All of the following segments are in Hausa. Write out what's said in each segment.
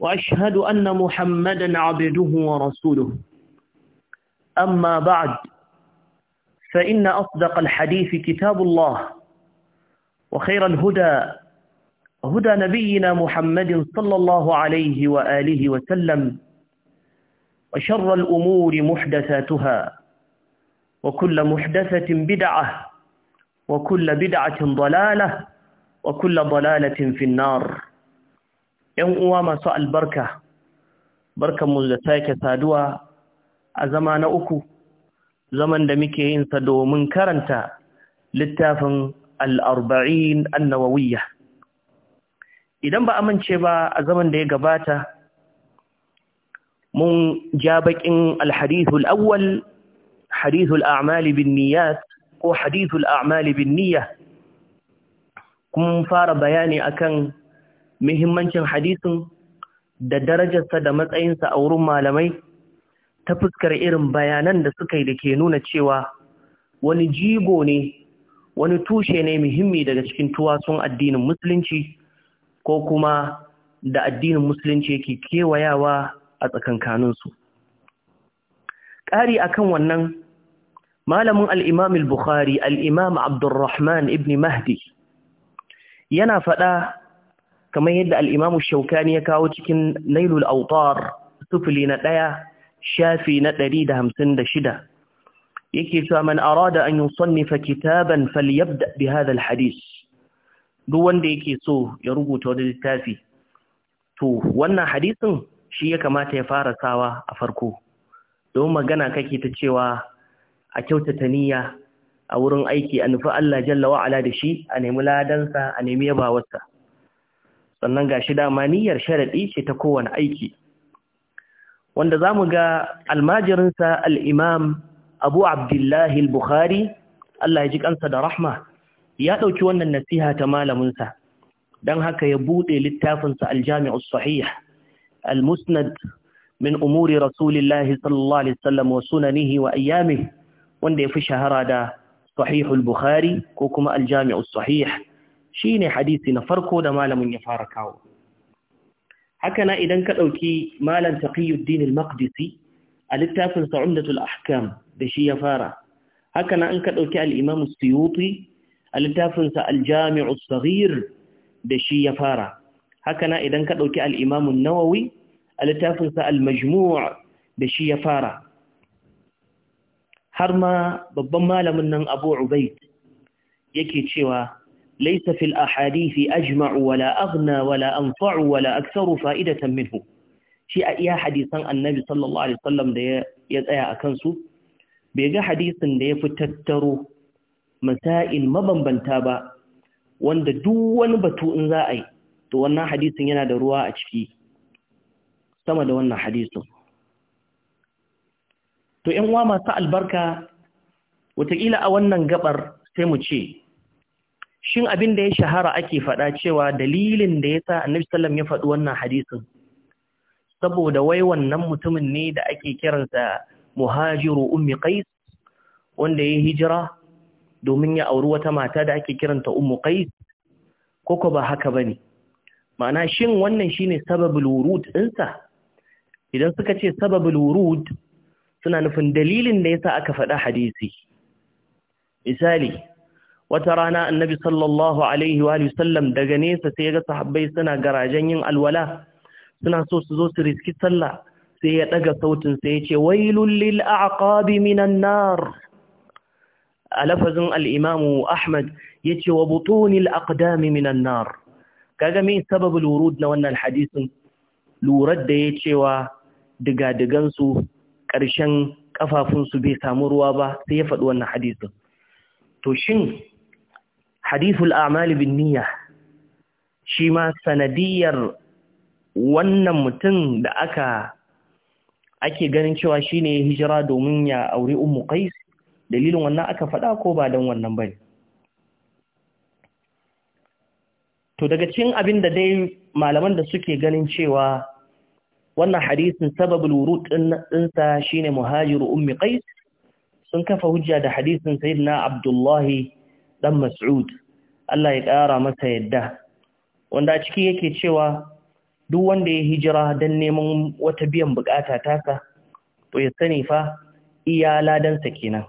وأشهد أن محمدا عبده ورسوله أما بعد فإن أصدق الحديث كتاب الله وخير الهدى هدى نبينا محمد صلى الله عليه وآله وسلم وشر الأمور محدثاتها وكل محدثة بدعة وكل بدعة ضلالة وكل ضلالة في النار ‘yan uwa masu albarka, mu da sake saduwa a zama na uku, zaman da muke yinsa domin karanta littafin al'arba'in annawawiyya. Idan ba amince ba a zaman da ya gabata, mun ja baƙin alhadithul awwal, hadithul amali bin ko hadithul amali bin niyya, kun fara bayani akan muhimmancin hadisin da darajarsa da matsayinsa a wurin malamai ta fuskar irin bayanan da suka yi da ke nuna cewa wani jigo ne wani tushe ne muhimmi daga cikin tuwasun addinin musulunci ko kuma da addinin musulunci yake kewayawa a tsakankaninsu ƙari akan wannan malamin al'imam al-bukhari al'imam abdurrahman ibn mahdi yana faɗa kamar yadda al'imamu shaukani ya kawo cikin nailul autar sufuli na ɗaya shafi na ɗari da hamsin da shida yake cewa man arada an yusannifa kitaban falyabda bi hadha hadis. duk wanda yake so ya rubuta wani littafi to wannan hadisin shi ya kamata ya fara sawa a farko don magana kake ta cewa a kyautata niyya a wurin aiki a nufi Allah jalla wa'ala da shi a nemi ladansa a nemi yabawarsa sannan ga shi dama niyyar sharadi ce ta kowane aiki wanda za mu ga almajirinsa alimam imam Abu Abdullahi al-Bukhari Allah ya ji kansa da rahma ya ɗauki wannan nasiha ta malaminsa don dan haka ya buɗe littafinsa aljami’us al sahih al-Musnad min umuri Rasulillahi sallallahu alaihi wasallam wa sunanihi wa ayyamihi wanda ya fi shahara da sahihul buhari ko kuma aljami’us sahih shi ne hadisi na farko da malamin ya fara kawo haka na idan ka ɗauki malam taqiyuddin al-maqdisi a littafin sa'umdatul ahkam da shi ya fara haka na an ka ɗauki al-imam suyuti a littafin sa al-jami'u saghir da shi ya fara haka na idan ka ɗauki al nawawi a littafin sa al-majmu' da shi ya fara har ma babban malamin nan Abu Ubaid yake cewa ليس في الأحاديث أجمع ولا أغنى ولا أنفع ولا أكثر فائدة منه شيء يا حديث عن النبي صلى الله عليه وسلم ده يتأيى أكنسو بيجا حديث ده يفتترو مسائل مبنبنتا با wanda دوان بتو batu in za a yi to wannan hadisin yana da ruwa a ciki sama da wannan hadisin to uwa masu albarka shin abin da ya shahara ake faɗa cewa dalilin da ya sa annabi sallam ya faɗi wannan hadisin saboda wai wannan mutumin ne da ake kiransa muhajiru ummi qais wanda ya hijira domin ya auri wata mata da ake kiranta ummu qais koko ba haka bane ma'ana shin wannan shine sababul wurud ɗinsa idan suka ce sababul wurud suna nufin dalilin da yasa aka faɗa hadisi misali wata rana annabi sallallahu alaihi wa sallam daga nesa sai ga sahabbai suna garajen yin alwala suna so su zo su riski sallah sai ya daga sautin sai ya ce wailul lil aqabi minan nar a lafazin al-imam Ahmad yace wa butunil aqdami minan nar kaga me sababul wurud na wannan hadisin lurar da ya cewa digadigan su ƙarshen kafafun su bai samu ruwa ba sai ya faɗi wannan hadisin to shin hadithul a'mali bin niyya shi ma sanadiyar wannan mutum da aka ake ganin cewa shine ya hijira domin ya auri ummu qais dalilin wannan aka faɗa ko ba don wannan bane to daga cikin abin da dai malaman da suke ganin cewa wannan hadisin sababul wurud ɗinsa shine muhajiru ummi qais sun kafa hujja da hadisin sayyidina abdullahi dan Mas'ud Allah ya ƙara masa yadda wanda a ciki yake cewa duk wanda ya hijira don neman wata biyan bukata taka to ya sani fa iya ladansa kenan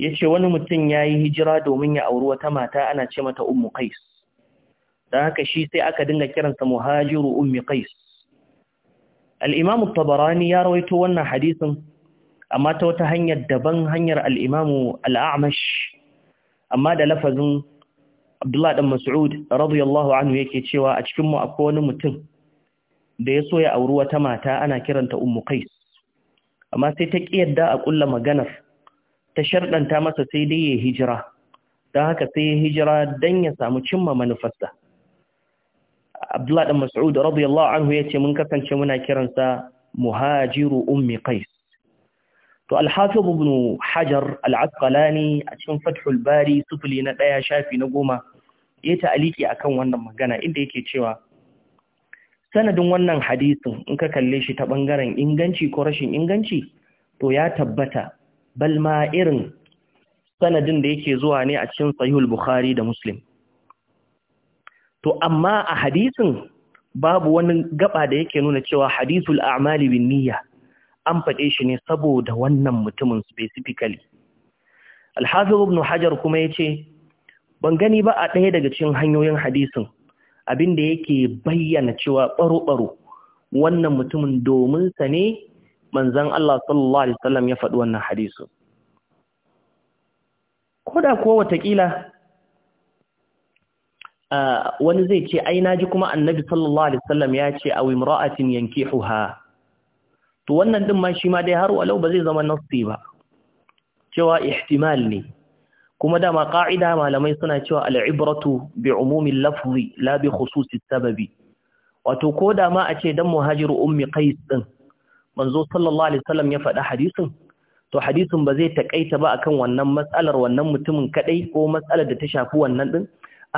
ya ce wani mutum ya yi hijira domin ya auri wata mata ana ce mata ummu qais don haka shi sai aka dinga kiransa muhajiru ummi qais al-imam ya rawaito wannan hadisin amma ta wata hanyar daban hanyar al-imam amma da lafazin Abdullah ɗan Mas'ud radiyallahu anhu yake cewa a cikin mu akwai wani mutum da ya so ya auri wata mata ana kiranta Ummu Qais amma sai ta ki kiyarda a kulla maganar ta sharɗanta masa sai dai ya hijira dan haka sai ya hijira dan ya samu cimma manufarsa Abdullah ɗan Mas'ud radiyallahu anhu yace mun kasance muna kiransa muhajiru ummi qais to alhafiz ibn hajar al-asqalani a cikin fathul bari sufuli na ɗaya shafi na goma ya ta'aliki akan wannan magana inda yake cewa sanadin wannan hadisin in ka kalle shi ta bangaren inganci ko rashin inganci to ya tabbata bal ma irin sanadin da yake zuwa ne a cikin sahihul bukhari da muslim to amma a hadisin babu wani gaba da yake nuna cewa hadisul a'mali bin niyya an faɗe shi ne saboda wannan mutumin specifically alhazir ibn hajar kuma ya ce ban gani ba a ɗaya daga cikin hanyoyin hadisin abinda yake bayyana cewa ɓaro-ɓaro wannan mutumin domin sa ne manzan Allah sallallahu Alaihi wasallam ya faɗi wannan hadisu. Koda kuwa watakila ah, wani zai ce, ai, na ji kuma annabi sallallahu Alaihi wasallam ya ce, a mura'atin yanki huha, to wannan din ma shi ma dai har walau ba zai zama nassi ba cewa ihtimal ne kuma dama ka'ida malamai suna cewa al'ibratu bi umumin lafzi la bi khususi sababi wato ko da ma a ce dan muhajiru ummi qais din manzo sallallahu alaihi wasallam ya faɗa hadisin to hadisin ba zai takaita ba akan wannan matsalar wannan mutumin kadai ko matsalar da ta shafi wannan din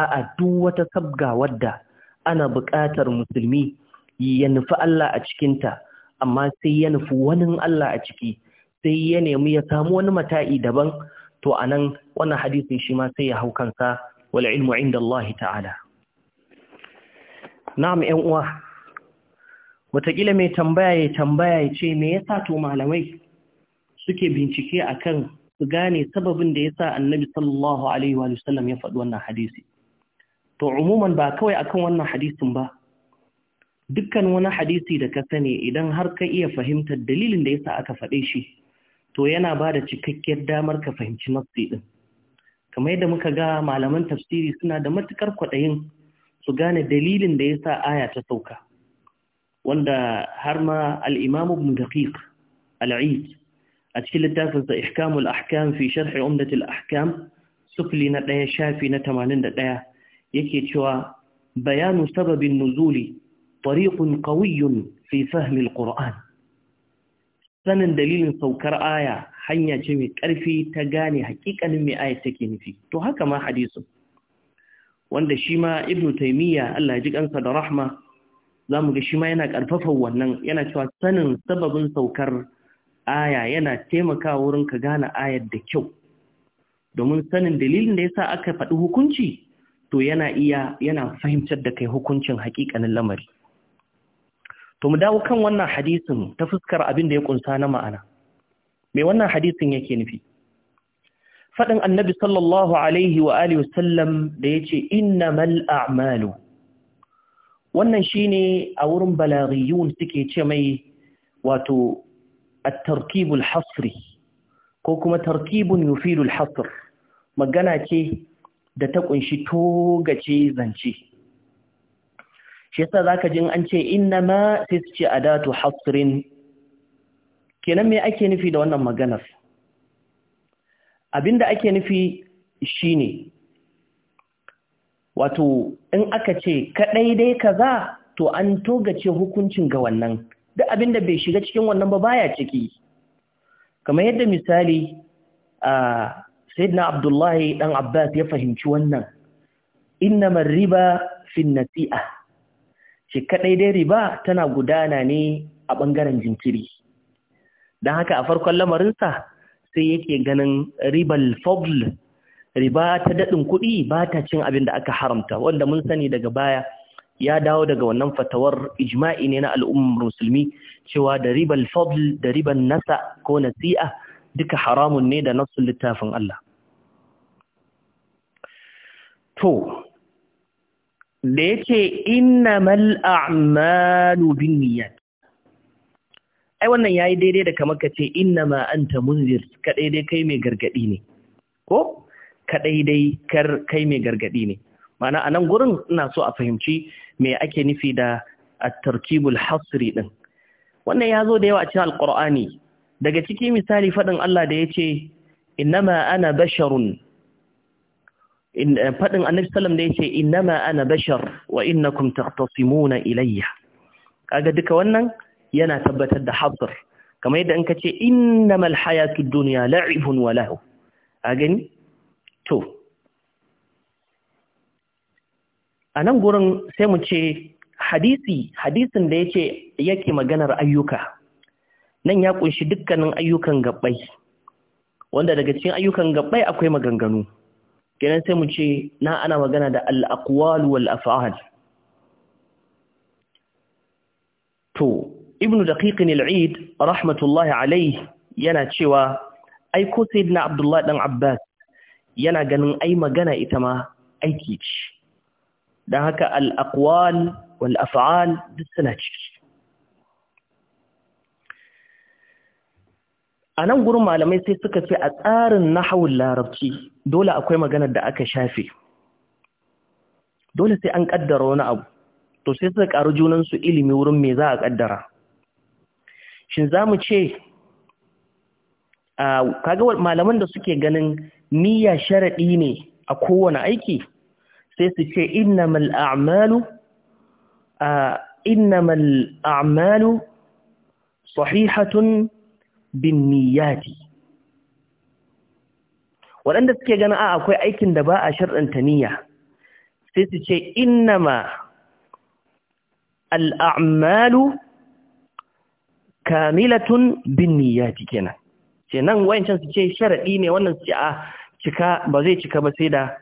a'a duk wata sabga wadda ana buƙatar musulmi ya nufi Allah a cikinta amma sai ya nufi wani Allah a ciki sai ya nemi ya samu wani mata'i daban to a nan, wannan hadisin shi ma sai ya hau kansa wal ilmu inda Allah ta'ala na'am 'yan uwa wataƙila mai tambaya ya tambaya ya ce me ya sa to malamai suke bincike a kan su gane sababin da ya sa annabi sallallahu alaihi wa sallam ya faɗi wannan hadisi to umuman ba kawai akan wannan hadisin ba dukkan wani hadisi da ka sani idan har ka iya fahimtar dalilin da yasa aka faɗe shi to yana ba da cikakkiyar damar ka fahimci nafsi ɗin kamar yadda muka ga malaman tafsiri suna da matukar kwaɗayin su gane dalilin da yasa aya ta sauka wanda har ma al imamu ibn daqiq al-eid a cikin littafinsa ihkamul ahkam fi sharhi umdatil ahkam sufli na ɗaya shafi na tamanin da 81 yake cewa bayanu sababin nuzuli طريق قوي في فهم القرآن sanin dalilin saukar aya hanya ce mai ƙarfi ta gane hakikanin mai aya take nufi to haka ma hadisu. wanda shi ma ibnu taymiya Allah ya ji kansa da rahma zamu ga shi ma yana ƙarfafa wannan yana cewa sanin sababin saukar aya yana taimakawa wurin ka gane ayar da kyau domin sanin dalilin da yasa aka faɗi hukunci to yana iya yana fahimtar da kai hukuncin hakikanin lamari to mu dawo kan wannan hadisin ta fuskar abin da ya kunsa na ma'ana me wannan hadisin yake nufi faɗin annabi sallallahu alaihi wa alihi wasallam da yace innamal a'malu wannan shine a wurin balaghiyun suke ce mai wato attarkibul hasri ko kuma tarkibun yufidul hasr magana ce da ta kunshi togace zance shi yasa zaka jin an ce innama sai su ce adatu hasrin kenan me ake nufi da wannan maganar abinda ake nufi shine wato in aka ce kadai dai kaza to an togace hukuncin ga wannan duk abinda bai shiga cikin wannan ba baya ciki kamar yadda misali a sayyidina abdullahi dan abbas ya fahimci wannan innamar riba fin nasi'ah shi kaɗai dai riba tana gudana ne a ɓangaren jinkiri don haka a farkon lamarinsa sai yake ganin ribal fadl riba ta daɗin kuɗi ba ta cin abin da aka haramta wanda mun sani daga baya ya dawo daga wannan fatawar ijma'i ne na al'ummar musulmi cewa da ribal fadl da riban nasa ko nasi'a duka haramun ne da nasu littafin Allah to da ya ce yace mal’amalu bin binniyat ai wannan ya yi daidai da kamar kace ina ma’anta munzir ka daidai kai mai gargadi ne ko ka daidai kar kai mai gargaɗi ne ma'ana nan gurin ina so a fahimci mai ake nufi da a tarkibul hasri ɗin wannan ya zo da yawa a cikin Alƙur'ani. daga ciki misali faɗin Allah da ya yace ma ana basharun Eh, faɗin annabi sallam da ya ce innama ana bashar wa innakum taqtasimuna ilayya kaga duka wannan yana tabbatar da hasr kamar yadda in ce innamal hayatud dunya la'ibun wa lahu a gani to a nan gurin sai mu ce hadisi hadisin da yace yake maganar ayyuka nan ya kunshi dukkanin ayyukan gabbai wanda daga cikin ayyukan gabbai akwai maganganu kenan sai mu ce na ana magana da al-aqwal wal af'al to ibnu daqiq al rahmatullahi alaih yana cewa ai ko sayyidina abdullahi dan abbas yana ganin ai magana ita ma aiki ce da haka al-aqwal wal af'al duk suna ciki a nan gurin malamai sai suka ce a tsarin nahawun larabci dole akwai maganar da aka shafe dole sai an kaddara wani abu to sai suka karu junansu ilimi wurin me za a kaddara shin za mu ce kaga malaman da suke ganin niyya sharaɗi ne a kowane aiki sai su ce innamal a'malu innamal a'malu sahihatun bin niyyati waɗanda suke gana a akwai aikin da ba a sharɗanta niyya sai su ce innama al'amalu kamilatun bin niyyati kenan ce nan can su ce sharaɗi ne wannan su ce a cika ba zai cika ba sai da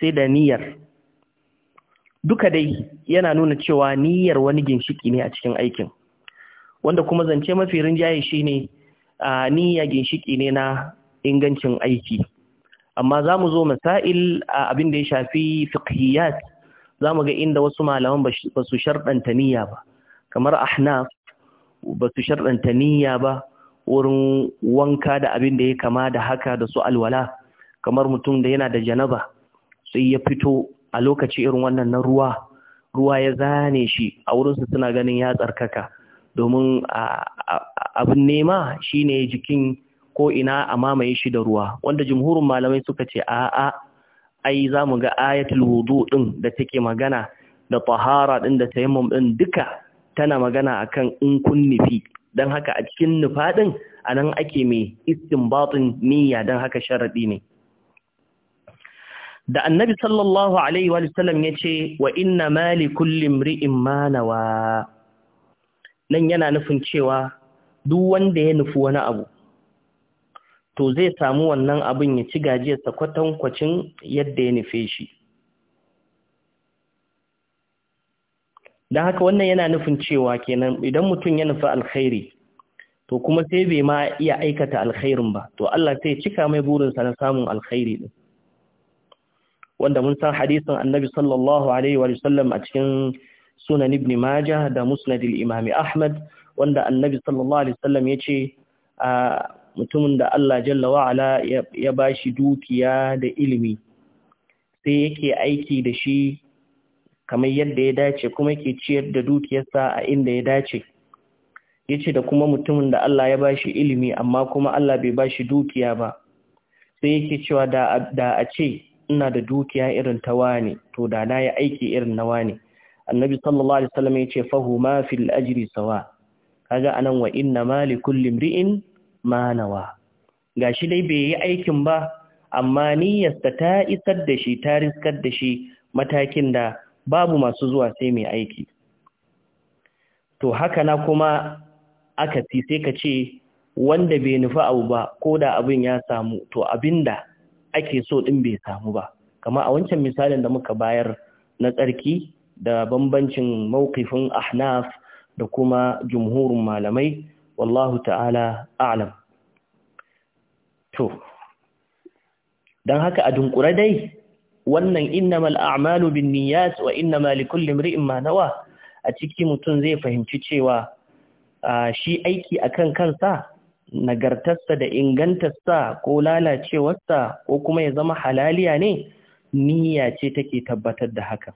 sai da niyyar duka dai yana nuna cewa niyyar wani ginshiki ne a cikin aikin wanda kuma zance mafi rinjaye ne. A niyya ginshiki ne na ingancin aiki amma za mu zo masail abin da ya shafi fiqhiyat za mu ga inda wasu malaman ba su sharɗanta niyya ba kamar ahnaf ba su sharɗanta niyya ba wurin wanka da abin da ya kama da haka da su alwala kamar mutum da yana da janaba sai ya fito a lokaci irin wannan na ruwa ruwa ya zane shi a wurinsu suna ganin ya tsarkaka domin abin nema shine jikin ko ina a mamaye shi da ruwa wanda jumhurin malamai suka ce a'a ai za mu ga ayatul wudu din da take magana da tahara din da tayammum din duka tana magana akan in kun nufi dan haka a cikin nufa din anan ake mai istinbatin niyya dan haka sharadi ne da annabi sallallahu alaihi wa sallam yace wa inna mali kulli imri'in ma nawa nan yana nufin cewa duk wanda ya nufi wani abu to zai samu wannan abin ya ci gajiyarsa kwatankwacin yadda ya nufe shi don haka wannan yana nufin cewa kenan idan mutum ya nufi alkhairi to kuma sai bai ma iya aikata alkhairin ba to Allah sai cika mai burinsa na samun alkhairi din wanda mun san hadisin annabi sallallahu alaihi wa sallam a cikin sunan ibn majah da Musnadil al-imam ahmad wanda annabi sallallahu alaihi wasallam yace mutumin da Allah jalla wa ala ya bashi dukiya da ilimi sai yake aiki da shi kamar yadda ya dace kuma yake ciyar da dukiyarsa a inda ya dace yace da kuma mutumin da Allah ya bashi ilimi amma kuma Allah bai bashi dukiya ba sai yake cewa da a ce ina da dukiya irin ta to da na yi aiki irin na wani. annabi sallallahu alaihi wasallam yace fahuma fil ajri sawa kaga anan wa inna malikul limriin ma nawa gashi dai bai yi aikin ba amma niyyarsa ta isar da shi ta riskar da shi matakin da babu masu zuwa sai mai aiki to haka na kuma aka ci sai ka ce wanda bai nufi abu ba ko da abin ya samu to abinda ake so din bai samu ba Kamar a wancan misalin da muka bayar na tsarki da bambancin mawqifin ahnaf da kuma jumhurin malamai wallahu ta'ala a'lam to dan haka a dunkure dai wannan innamal a'malu niyyat wa innamal likulli imri'in ma nawa a ciki mutum zai fahimci cewa shi aiki akan kansa nagartarsa da ingantarsa ko lalacewarsa ko kuma ya zama halaliya ne niyya ce take tabbatar da haka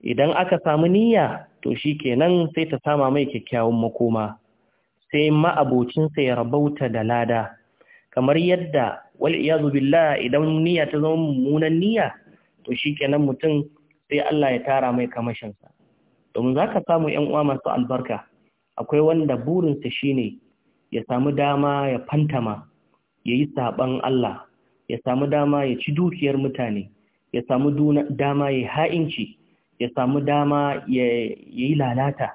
idan aka samu niyya to shi kenan sai ta sama mai kyakkyawan makoma sai ma'abocinsa ya rabauta da lada kamar yadda wal'iyazu billah idan niyya ta zama mummunan niyya to shi kenan mutum sai Allah ya tara mai kamashinsa domin za ka samu ‘yan uwa masu albarka akwai wanda burinsa shi ne. ya samu dama ya fantama ya yi saɓan Allah ya samu dama ya ci dukiyar mutane ya samu dama ya ha'inci ya samu dama ya yi lalata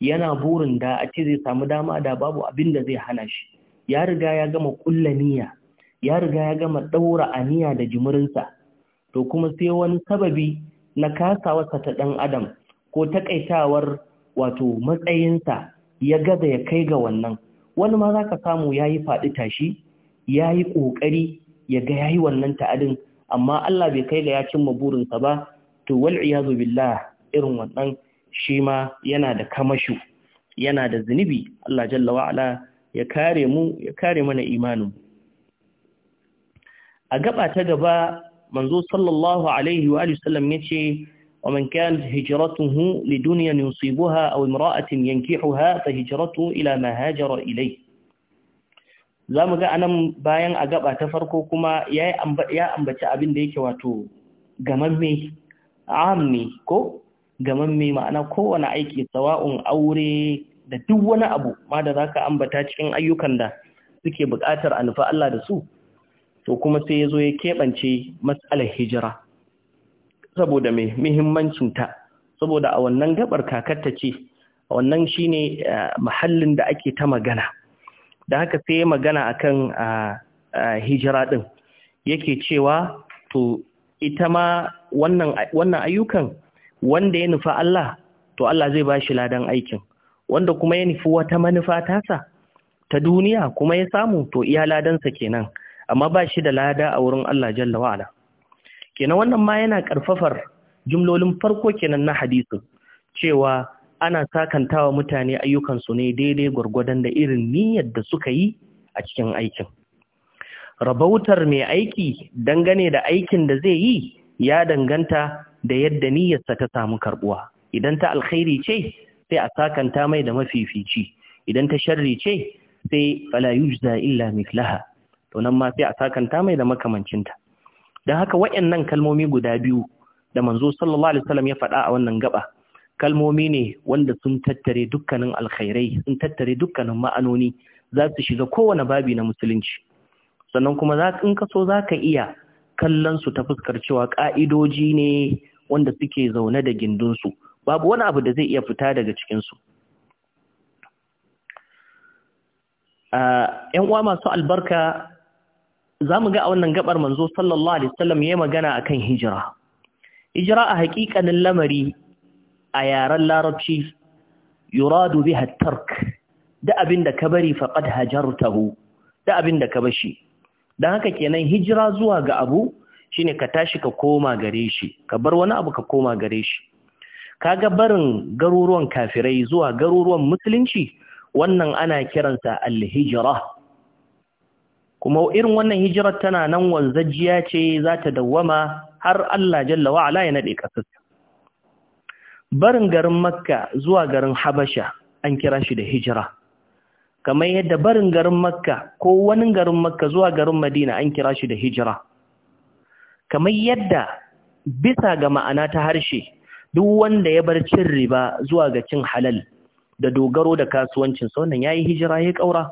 yana burin da a ce zai samu dama da babu abin da zai hana shi ya riga ya gama kulla niyya ya riga ya gama daura aniya da jimurinsa, to kuma sai wani sababi na kasawarsa ta dan adam ko takaitawar wato matsayinsa ya gaza ya kai ga wannan wani ma za ka samu ya yi faɗi tashi ya yi ƙoƙari ya ga ya yi wannan ta'adin amma Allah bai kai ga ya cimma burinsa ba to wal'iyazu billah irin wannan shi ma yana da kamashu yana da zunubi Allah jalla wa'ala ya kare mu ya kare mana imanin a gaba ta gaba manzo sallallahu alaihi wa sallam yace wa man kan hijratuhu li dunyan yusibuha aw imra'atin yankihuha fa hijratuhu ila ma ilai ilayhi mu ga anan bayan a gaba ta farko kuma ya ambaci abin da yake wato gamamme ammi ko gamamme ma'ana kowane aiki sawa'un aure da duk wani abu ma da ka ambata cikin ayyukan da suke buƙatar a nufi Allah da su to kuma sai ya zo ya keɓance matsalar hijira saboda mai muhimmancinta saboda a wannan gabar kakarta ce a wannan shine eh, mahallin da ake ta magana da haka sai magana akan ah, ah, hijira ɗin yake cewa to ita ma wannan ayyukan wanda ya nufa Allah to Allah zai ba shi ladan aikin wanda kuma ya nufi wata manufa tasa ta duniya kuma ya samu to iya ladansa kenan amma ba shi da lada a wurin Allah jalla wa'ala kenan wannan ma yana ƙarfafar jumlolin farko kenan na hadisin cewa ana sakantawa mutane ayyukansu ne daidai gwargwadon da irin niyyar da suka yi a cikin aikin rabautar mai aiki dangane da aikin da zai yi ya danganta da yadda niyyarsa ta samu karbuwa idan ta alkhairi ce sai a sakanta mai da mafifici idan ta sharri ce sai fala yujza illa mithlaha to nan ma sai a sakanta mai da makamancinta don haka wayannan kalmomi guda biyu da manzo sallallahu alaihi wasallam ya faɗa a wannan gaba kalmomi ne wanda sun tattare dukkanin alkhairai sun tattare dukkanin ma'anoni za su shiga kowane babi na musulunci sannan kuma in ka so za ka iya kallon su ta fuskar cewa ƙa'idoji ne wanda suke zaune da gindinsu babu wani abu da zai iya fita daga cikinsu ‘yan uwa masu albarka za mu ga a wannan gabar manzo sallallahu alaihi wasallam ya magana a kan hijira hijira a haƙiƙanin lamari a yaren larabci yuradu biha tark da abin da ka bari Hajar Taho, da abin da ka bashi don haka kenan hijira zuwa ga abu shine ka tashi ka koma gare shi ka bar wani abu ka koma gare shi kaga barin garuruwan kafirai zuwa garuruwan musulunci wannan ana kiransa al-hijra kuma irin wannan hijirar tana nan wanzajiya ce za ta dawwama har Allah jalla ala ya naɗe ƙasarsa barin garin makka zuwa garin habasha an kira shi da hijira kamar yadda barin garin makka ko wani garin makka zuwa garin madina an kira shi da hijira kamar yadda bisa ga ma'ana ta harshe duk wanda ya bar cin riba zuwa ga cin halal da dogaro da kasuwancinsa wannan ya yi hijira ya ƙaura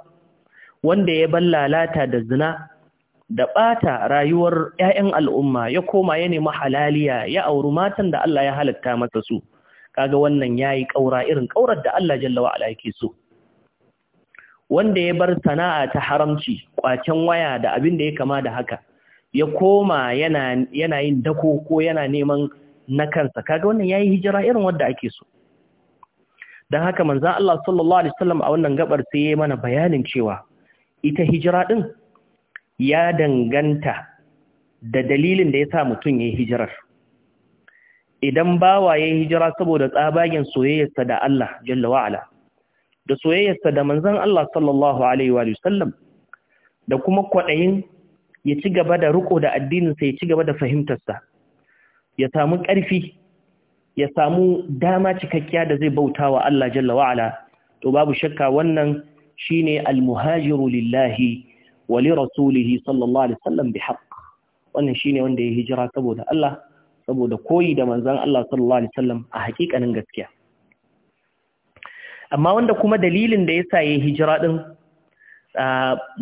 wanda ya bar lalata da zina da ɓata rayuwar 'ya'yan al'umma ya koma ya nemi halaliya ya auri matan da Allah ya halatta masa su kaga wannan yayi ƙaura irin ƙaurar da Allah jalla wa ala yake so wanda ya bar sana'a ta haramci kwacen waya da abin da ya kama da haka ya koma yana yin dako ko yana neman na kansa kaga wannan yayi hijira irin wanda ake so dan haka manzo Allah sallallahu alaihi wasallam a wannan gabar sai ya mana bayanin cewa ita hijira din ya danganta da dalilin da yasa mutun yayi hijirar idan bawa yayi hijira saboda tsabagen soyayyarsa da Allah jalla wa da soyayyarsa da manzan Allah sallallahu alaihi wa sallam da kuma kwaɗayin ya ci gaba da riko da addininsa ya ci gaba da fahimtarsa ya samu ƙarfi ya samu dama cikakkiya da zai bauta wa Allah jalla wa'ala to babu shakka wannan shi shine almuhajiru lillahi wa li rasulihi sallallahu alaihi wasallam bi haqq wannan shi ne wanda ya hijira saboda Allah saboda koyi da manzan Allah sallallahu alaihi wasallam a haƙiƙanin gaskiya amma wanda kuma dalilin da ya ya yi hijira din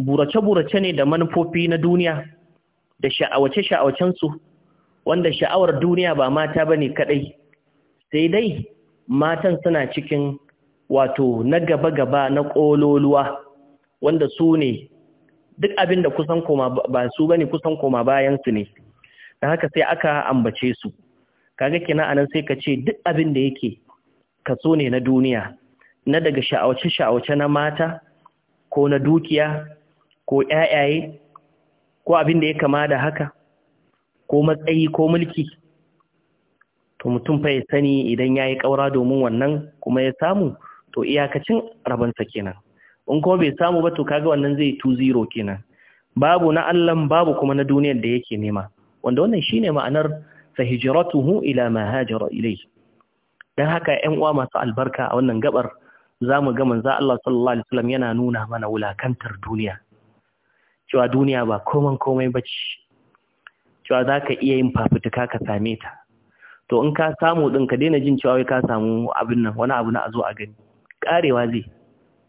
burace-burace ne da manufofi na duniya da shaawace sha'awacensu, wanda sha'awar duniya ba mata ba ne kaɗai, sai dai matan suna cikin wato na gaba-gaba na ƙololuwa wanda su ne duk abin da kusan koma ba su ba ne kusan koma bayansu ne da haka sai aka ambace su kaga kina anan sai ka ce duk abin da yake so ne na duniya na daga sha'awace-sha'awace na mata ko na dukiya ko ƴaƴaye ko abin da ya kama da haka ko matsayi ko mulki to mutum fa ya sani idan ya yi ƙaura domin wannan kuma ya samu to iyakacin rabonsa kenan in kuma bai samu ba to kaga wannan zai tu 0 kenan babu na allah babu kuma na duniyar da yake nema wanda wannan shine ma'anar hijratuhu ila ma hajara ilayhi dan haka 'yan uwa masu albarka a wannan gabar za mu ga manzo Allah sallallahu alaihi wasallam yana nuna mana wulakantar duniya cewa duniya ba koman komai bace cewa zaka iya yin fafutuka ka same ta to in ka samu din ka daina jin cewa wai ka samu abin nan wani abu na azo a gani karewa zai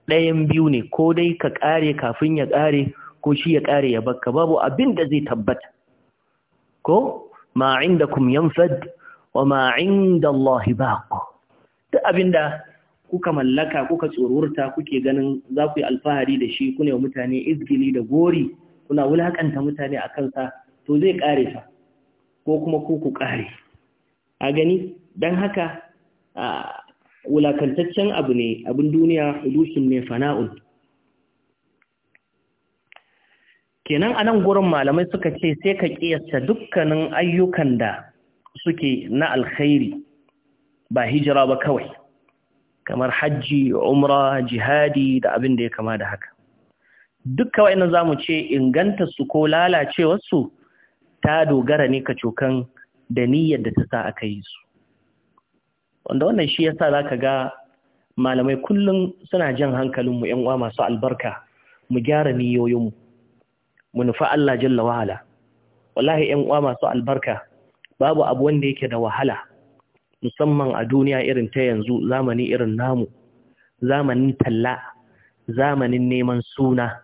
ɗayan biyu ne ko dai ka kare kafin ya kare ko shi ya kare ya bakka babu abin da zai tabbata ko ma yanfad wa ma inda Allah baq duk abinda kuka mallaka kuka tsorurta kuke ganin za ku yi alfahari da shi kuna mutane izgili da gori kuna wulakanta mutane a kansa to zai kare fa ko kuma ku ku kare a gani don haka wulakantaccen abu ne abin duniya hudusin ne fana'un kenan a nan gurin malamai suka ce sai ka kiyasta dukkanin ayyukan da suke na alkhairi ba hijira ba kawai kamar hajji umra jihadi da abin da ya kama da haka dukka za zamu ce inganta su ko lalacewar su ta dogara ne cokan da niyyar da ta sa aka yi su wanda wannan shi yasa zaka ga malamai kullum suna jan hankalin mu uwa masu albarka mu gyara niyoyin mu nufa Allah jalla wahala wallahi 'yan uwa masu albarka babu abu wanda yake da wahala musamman a duniya irin ta yanzu zamani irin namu zamanin talla zamanin neman suna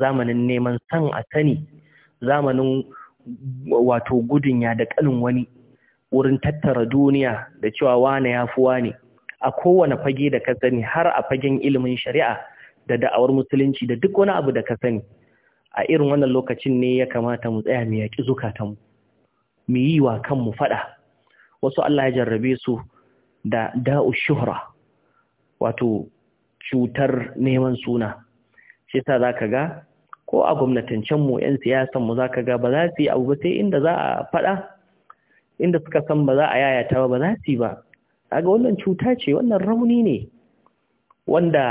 zamanin neman san a sani zamanin wato gudun ya da kanin wani wurin tattara duniya da cewa wane ya fi wane a kowane fage da ka sani har a fagen ilimin shari'a da da'awar musulunci da duk wani abu da ka sani a irin wannan lokacin ne ya kamata mu tsaya mu yaƙi zukatanmu mu yi wa kanmu faɗa wasu Allah ya jarrabe su da da'u shuhra wato cutar neman suna shi ta za ga ko a gwamnatancen mu 'yan siyasan mu zaka ga ba za su yi abu ba sai inda za a faɗa inda suka san ba za a yayata ba ba za su yi ba kaga wannan cuta ce wannan rauni ne wanda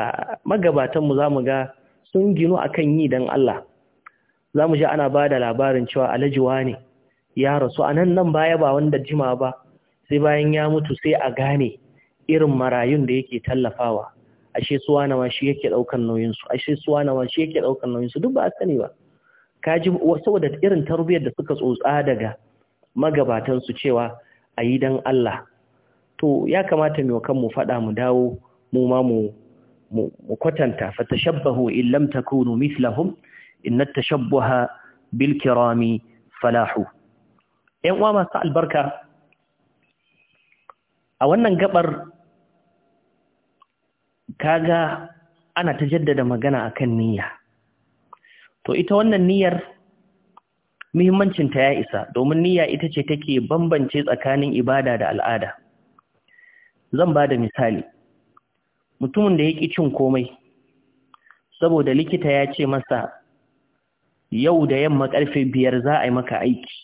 magabatanmu za mu ga sun ginu akan yi dan Allah zamu mu ji ana ba da labarin cewa alajiwa ne ya rasu a nan nan baya ba wanda jima ba sai bayan ya mutu sai a gane irin marayun da yake tallafawa ashe suwa na shi yake daukan nauyin su ashe suwa na shi yake daukan nauyin su duk ba a sani ba kaji saboda irin tarbiyyar da suka tsotsa daga magabatan su cewa yi dan Allah to ya kamata mu kan mu fada mu dawo mu ma mu mu kwatanta fatashabbahu in lam takunu mithlahum inna tashabbaha bil kirami falahu ƴan uwa masu albarka a wannan gabar kaga ana ta jaddada magana akan niyya to ita wannan niyyar muhimmancin ta ya isa domin niyya ita ce take bambance tsakanin ibada da al'ada zan ba da misali mutumin da ya ƙi cin komai saboda likita ya ce masa yau da yamma karfe biyar za a yi maka aiki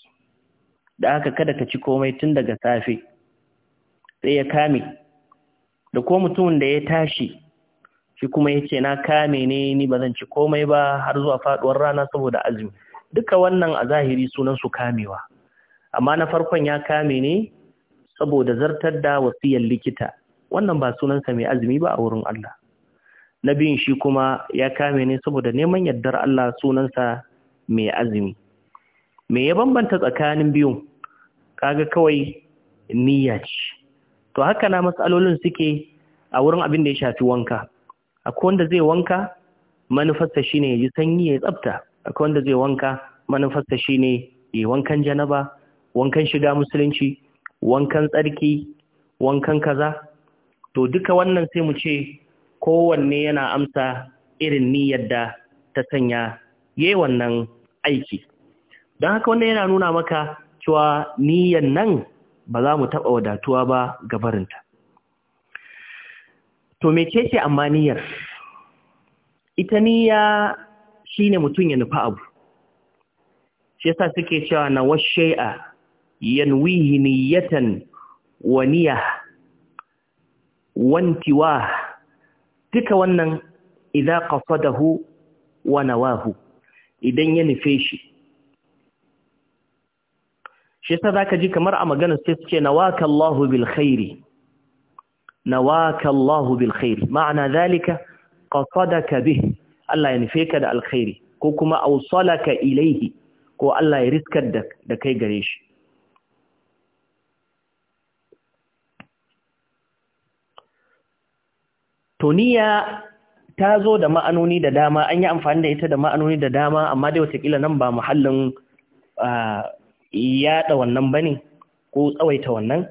da aka kada ka ci komai tun daga safe sai ya kame da ko mutumin da ya tashi shi kuma ya ce na kame ne ni ba zan ci komai ba har zuwa faduwar rana saboda azumi duka wannan a zahiri sunan su kamewa amma na farkon ya kame ne saboda zartar da wasiyar likita wannan ba sunansa mai azumi ba a wurin Allah na biyun shi kuma ya kame ne saboda neman yardar Allah sunansa mai azumi me ya bambanta tsakanin biyun kaga kawai niyya ce to haka na matsalolin suke a wurin abin da ya shafi wanka akwai wanda zai wanka manufarsa shine ya ji sanyi ya tsafta akwai wanda zai wanka manufarsa shine ya wankan janaba wankan shiga musulunci wankan tsarki wankan kaza to duka wannan sai mu ce kowanne yana amsa irin niyyar da ta sanya yi wannan aiki don haka wanda yana nuna maka cewa niyyar nan ba za mu taɓa wadatuwa ba ga barinta to mece ce amma niyyar ita niyya shine mutum ya nufa abu shi yasa suke cewa na shai'a yanwihi niyyatan wa niyya wantiwa duka wannan idan idza hu wa nawahu idan ya nufe shi shi yasa zaka ji kamar a maganar sai suke nawakallahu Allahu bil khairi nawakallahu bil khairi ma'ana zalika qasadaka bih Allah ya nufe ka da alkhairi ko kuma awsalaka ilaihi ko Allah ya riskar da da kai gare shi toniya ta zo da ma'anoni da dama an yi amfani da ita da ma'anoni da dama amma dai watakila nan ba muhallin ah, yaɗa wannan bane ko tsawaita wannan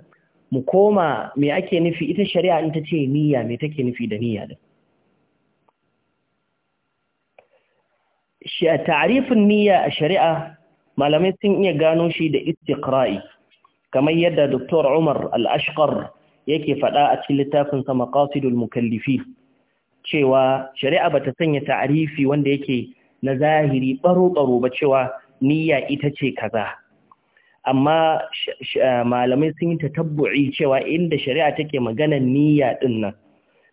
mu koma me ake nufi ita shari'a in ta ce niyya me take nufi da niyya din ta'rifin niyya a shari'a malamai sun iya gano shi da istiqra'i kamar yadda Dr. Umar Al-Ashqar yake faɗa a cikin littafin sa Maqasidul Mukallifi cewa shari'a bata sanya ta'rifi wanda yake na zahiri baro baro ba cewa niyya ita ce kaza amma eh, malamai sun yi tatabbu'i cewa inda shari'a take maganar niyya din nan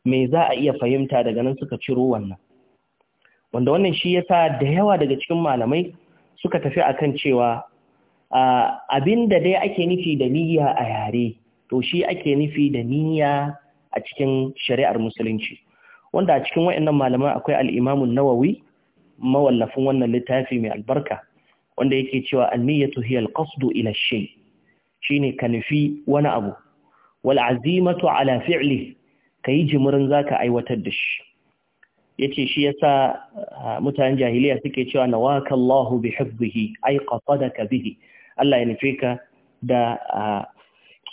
me za a iya fahimta daga nan suka ciro wannan wanda wannan shi yasa da yawa daga cikin malamai suka tafi akan cewa abinda dai ake nufi da niyya a yare to shi ake nufi da niyya a cikin shari'ar musulunci wanda a cikin waɗannan malamai akwai al'imamun nawawi mawallafin wannan littafi mai albarka wanda yake cewa almiyatu hiya alqasdu ila shay shine ka nufi wani abu wal azimatu ala fi'li kai jimirin zaka aiwatar da shi yace shi yasa mutanen jahiliya suke cewa nawakallahu Allahu bi hifzihi ay qasadaka bihi Allah ya nufika ka da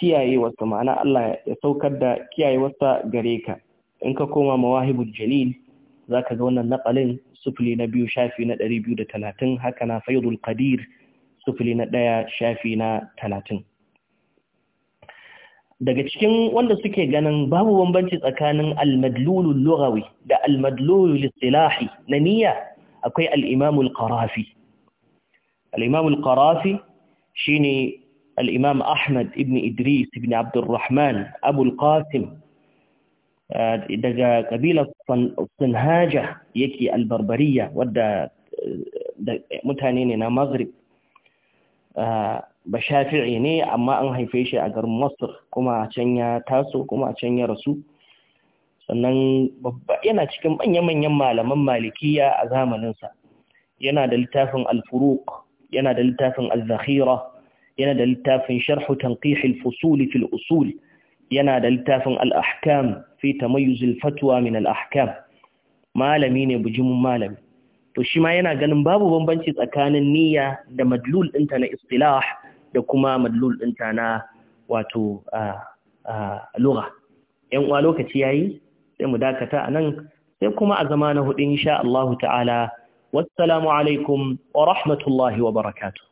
kiyayewarsa ma'ana Allah ya saukar da kiyayewarsa gare ka in ka koma mawahibul jalil zaka ga wannan naƙalin sufuli na biyu shafi na ɗari biyu da talatin haka na faidul qadir sufuli na ɗaya shafi na talatin daga cikin wanda suke ganin babu bambanci tsakanin almadlulul lughawi da almadlulul istilahi na niyya akwai al-imamul qarafi al-imamul qarafi shine al-imam ahmad ibn idris ibn abdurrahman abul qasim daga ƙabilar sunhaja yake albarbariya wadda mutane ne na maghrib ba shafi'i ne amma an haife shi a garin masar kuma a can ya taso kuma a can ya rasu sannan yana cikin manya-manyan malaman malikiya a zamaninsa yana da littafin alfuruk yana da littafin alzahira yana da littafin sharhu tanqihil fusuli fil usuli yana da littafin al-ahkam fi tamayyuz al min al-ahkam malami ne bujimin malami to shi ma yana ganin babu bambanci tsakanin niyya da madlul ɗinta na istilah da kuma madlul ɗinta na wato lura ‘yan uwa lokaci ya yi sai mu dakata a nan sai kuma a zama na hudu insha Allah ta'ala wassalamu alaikum wa rahmatullahi wa barakatu